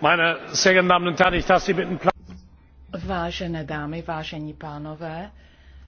meine sehr geehrten damen und herren vážené dámy vážení pánové